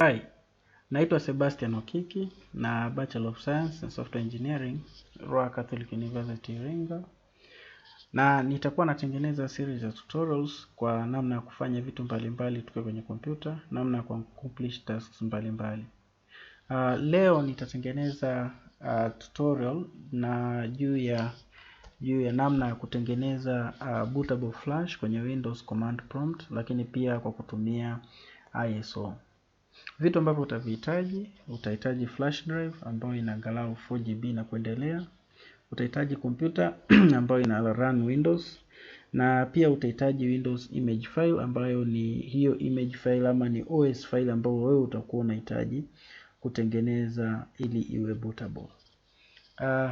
Hi, naitwa Sebastian Okiki na Bachelor of Science and Software Engineering Ruaha Catholic University Iringa, na nitakuwa natengeneza series ya tutorials kwa namna ya kufanya vitu mbalimbali tukiwa kwenye kompyuta, namna ya kuaccomplish tasks mbalimbali Uh, leo nitatengeneza uh, tutorial na juu ya juu ya namna ya kutengeneza uh, bootable flash kwenye Windows command prompt, lakini pia kwa kutumia ISO. Vitu ambavyo utavihitaji, utahitaji flash drive ambayo ina angalau 4GB na kuendelea. Utahitaji kompyuta ambayo ina run Windows na pia utahitaji Windows image file ambayo ni hiyo image file ama ni OS file ambayo wewe utakuwa unahitaji kutengeneza ili iwe bootable. Uh,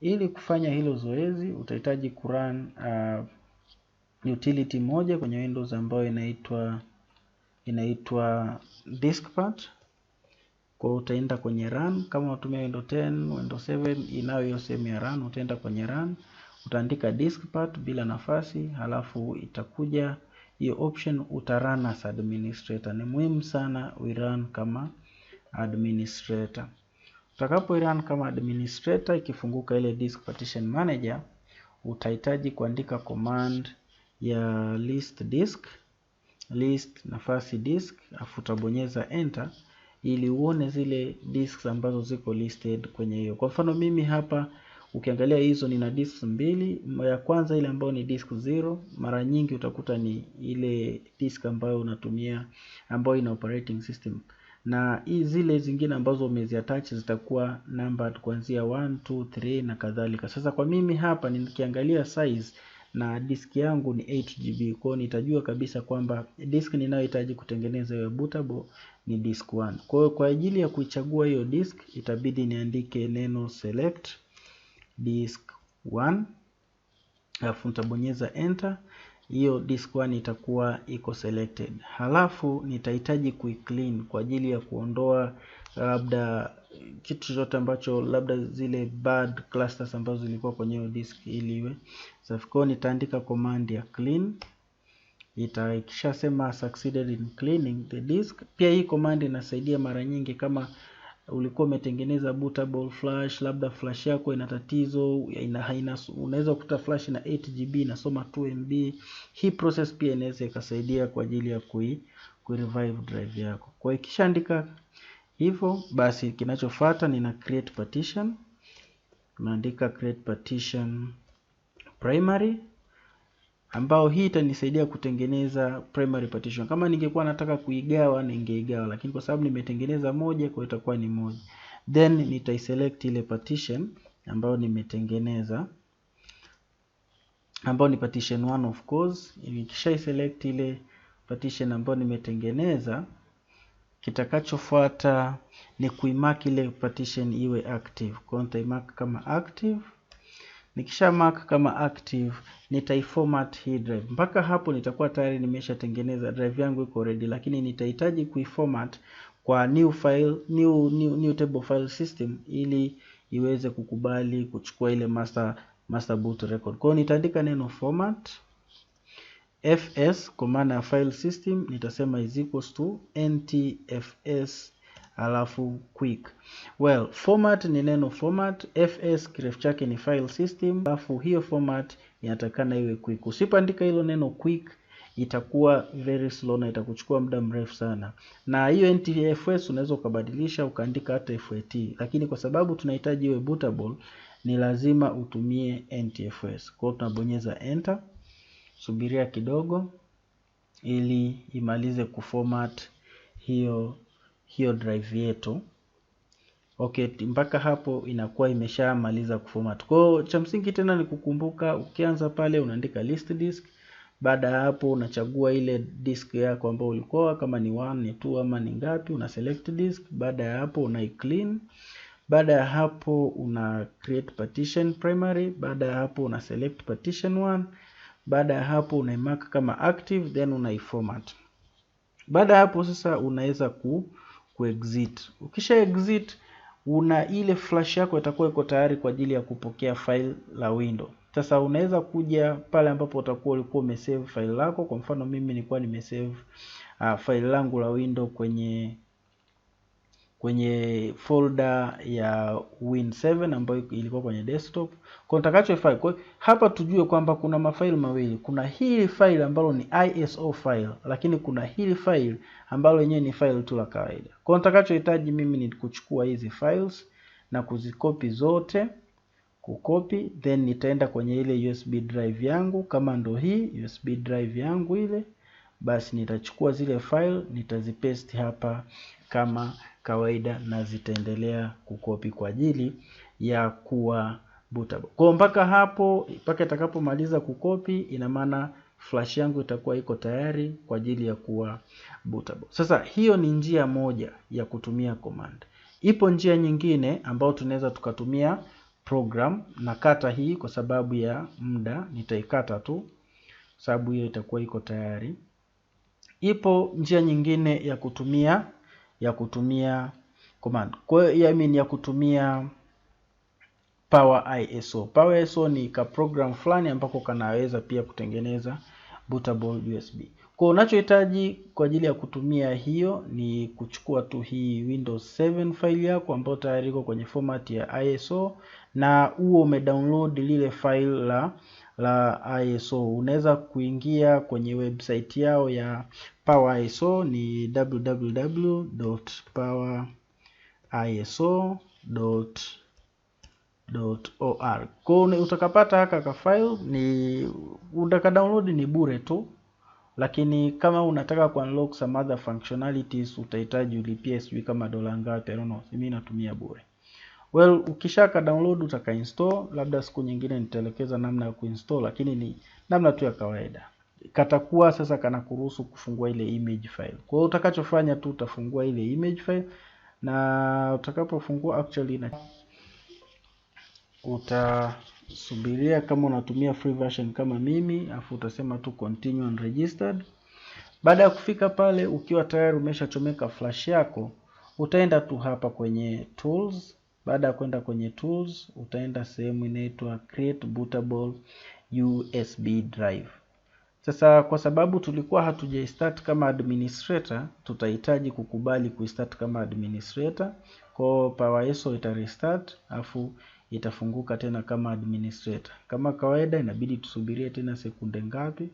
ili kufanya hilo zoezi utahitaji kurun uh, utility moja kwenye Windows ambayo inaitwa inaitwa disk part. Kwa utaenda kwenye run, kama unatumia Windows 10, Windows 7 inayo hiyo sehemu ya run, utaenda kwenye run, utaandika disk part bila nafasi, halafu itakuja hiyo option utarun as administrator. Ni muhimu sana we run kama administrator. Utakapo run kama administrator, ikifunguka ile disk partition manager, utahitaji kuandika command ya list disk list nafasi disk, afu utabonyeza enter ili uone zile disks ambazo ziko listed kwenye hiyo. Kwa mfano mimi hapa ukiangalia hizo nina disks mbili. Ya kwanza ile ambayo ni disk zero, mara nyingi utakuta ni ile disk ambayo unatumia ambayo ina operating system, na zile zingine ambazo umeziattach zitakuwa numbered kuanzia 1 2 3 na kadhalika. Sasa kwa mimi hapa nikiangalia size na disk yangu ni 8GB kwao, nitajua kabisa kwamba disk ninayohitaji kutengeneza iwe bootable ni disk 1. Kwa hiyo kwa ajili ya kuichagua hiyo disk itabidi niandike neno select disk 1 alafu nitabonyeza enter, hiyo disk 1 itakuwa iko selected. Halafu nitahitaji kuiclean kwa ajili ya kuondoa labda kitu chochote ambacho labda zile bad clusters ambazo zilikuwa kwenye hiyo disk ili iwe safi. Kwa nitaandika command ya clean ita ikishasema succeeded in cleaning the disk. Pia hii command inasaidia mara nyingi kama ulikuwa umetengeneza bootable flash, labda flash yako ina tatizo, ina haina, unaweza kukuta flash na 8 GB inasoma 2 MB. Hii process pia inaweza ikasaidia kwa ajili ya kui, kui revive drive yako. Kwa hiyo ikishaandika Hivyo basi kinachofuata nina create partition, naandika create partition primary ambao hii itanisaidia kutengeneza primary partition. Kama ningekuwa nataka kuigawa ningeigawa, lakini kwa sababu nimetengeneza moja, kwa hiyo itakuwa ni moja. Then nitaiselect ile partition ambayo nimetengeneza ambayo ni partition 1 of course. Nikishaiselect ile partition ambayo nimetengeneza Kitakachofuata ni kuimark ile partition iwe active. Kwa nitaimark kama active. Nikisha mark kama active, nitaiformat hii drive. Mpaka hapo nitakuwa tayari nimeshatengeneza drive yangu iko ready, lakini nitahitaji kuiformat kwa new file, new, new, new table file system ili iweze kukubali kuchukua ile master master boot record. Kwa hiyo nitaandika neno format fs kwa maana ya file system nitasema is equals to ntfs alafu quick. Well, format ni neno format, fs kirefu chake ni file system, alafu hiyo format inatakana iwe quick. Usipoandika hilo neno quick itakuwa very slow na itakuchukua muda mrefu sana. Na hiyo NTFS unaweza ukabadilisha ukaandika hata FAT, lakini kwa sababu tunahitaji iwe bootable, ni lazima utumie NTFS. Kwa hiyo tunabonyeza enter subiria kidogo ili imalize kuformat hiyo, hiyo drive yetu. Okay, mpaka hapo inakuwa imeshamaliza kuformat. Kwa hiyo cha msingi tena ni kukumbuka, ukianza pale unaandika list disk. Baada ya hapo unachagua ile disk yako ambayo ulikuwa kama ni 1 ni 2 ama ni ngapi, una select disk. Baada ya hapo una clean. Baada ya hapo una create partition primary. Baada ya hapo una select partition 1 baada ya hapo unaimark kama active then unaiformat. Baada ya hapo sasa unaweza ku, kuexit. Ukisha exit una ile flash yako itakuwa iko tayari kwa ajili ya kupokea file la window. Sasa unaweza kuja pale ambapo utakuwa ulikuwa umesave file lako. Kwa mfano mimi nilikuwa nimesave uh, file langu la window kwenye kwenye folder ya Win7 ambayo ilikuwa kwenye desktop. Kwa file kwa hapa tujue kwamba kuna mafaili mawili. Kuna hili faili ambalo ni ISO file, lakini kuna hili file ambalo yenyewe ni file tu la kawaida. Kwa nitakachohitaji mimi ni kuchukua hizi files na kuzikopi zote, kukopi then nitaenda kwenye ile USB drive yangu kama ndo hii USB drive yangu ile, basi nitachukua zile file nitazipaste hapa kama kawaida na zitaendelea kukopi kwa ajili ya kuwa bootable. Kwa mpaka hapo, mpaka itakapomaliza kukopi, ina maana flash yangu itakuwa iko tayari kwa ajili ya kuwa bootable. Sasa hiyo ni njia moja ya kutumia command. Ipo njia nyingine ambayo tunaweza tukatumia program. kata hii kwa sababu ya muda, nitaikata tu sababu hiyo itakuwa iko tayari. Ipo njia nyingine ya kutumia ya kutumia command. Kwa hiyo I mean ya kutumia Power ISO. Power ISO ni ka program fulani ambako kanaweza pia kutengeneza bootable USB. Kwa unachohitaji kwa ajili ya kutumia hiyo ni kuchukua tu hii Windows 7 file yako ambayo tayari iko kwenye format ya ISO na huo umedownload lile file la la ISO. Unaweza kuingia kwenye website yao ya Power ISO ni www.poweriso.org. Kwa utakapata haka ka file ni utaka download ni bure tu, lakini kama unataka ku unlock some other functionalities utahitaji ulipie, sijui kama dola ngapi, I don't know. Mimi natumia bure. Well, ukishaka download utaka install, labda siku nyingine nitaelekeza namna ya kuinstall, lakini ni namna tu ya kawaida. Katakuwa sasa kana kuruhusu kufungua ile image file. Kwa hiyo utakachofanya tu utafungua ile image file na utakapofungua actually na utasubiria kama unatumia free version kama mimi, afu utasema tu continue and registered. Baada ya kufika pale, ukiwa tayari umeshachomeka flash yako, utaenda tu hapa kwenye tools baada ya kwenda kwenye tools, utaenda sehemu inaitwa create bootable USB drive. Sasa kwa sababu tulikuwa hatujaistart kama administrator, tutahitaji kukubali kuistart kama administrator. Kwa PowerShell ita restart afu itafunguka tena kama administrator. Kama kawaida inabidi tusubirie tena sekunde ngapi,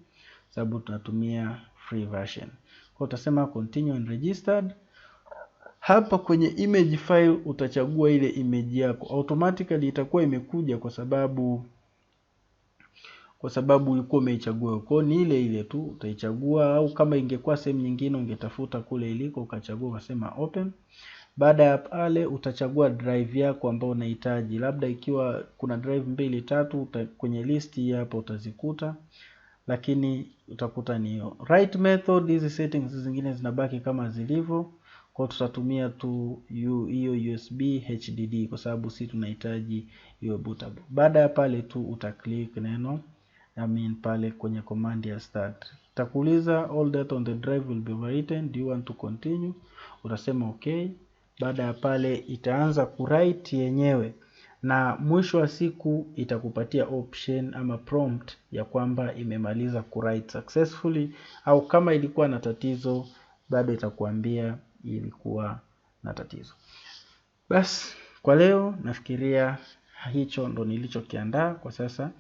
sababu tunatumia free version. Kwa utasema continue and registered hapa kwenye image file utachagua ile image yako, automatically itakuwa imekuja kwa sababu kwa sababu ulikuwa umeichagua. kwao ni ile ile tu utaichagua, au kama ingekuwa sehemu nyingine ungetafuta kule iliko ukachagua ukasema open. Baada ya pale utachagua drive yako ambayo unahitaji, labda ikiwa kuna drive mbili tatu uta, kwenye listi hapo hapa utazikuta, lakini utakuta ni hiyo. Right method, hizi settings zingine zinabaki kama zilivyo kwa tutatumia tu hiyo USB HDD kwa sababu si tunahitaji hiyo bootable. Baada ya pale tu uta click neno I mean pale kwenye command ya start itakuuliza all data on the drive will be written do you want to continue, utasema okay. Baada ya pale itaanza ku write yenyewe na mwisho wa siku itakupatia option ama prompt ya kwamba imemaliza ku write successfully, au kama ilikuwa na tatizo bado itakuambia ilikuwa na tatizo. Basi kwa leo nafikiria hicho ndo nilichokiandaa kwa sasa.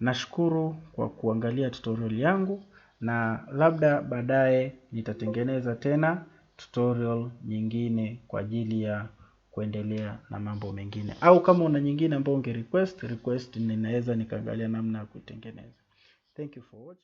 Nashukuru kwa kuangalia tutorial yangu na labda baadaye nitatengeneza tena tutorial nyingine kwa ajili ya kuendelea na mambo mengine, au kama una nyingine ambayo unge request request, ninaweza nikaangalia namna ya kuitengeneza. Thank you for watching.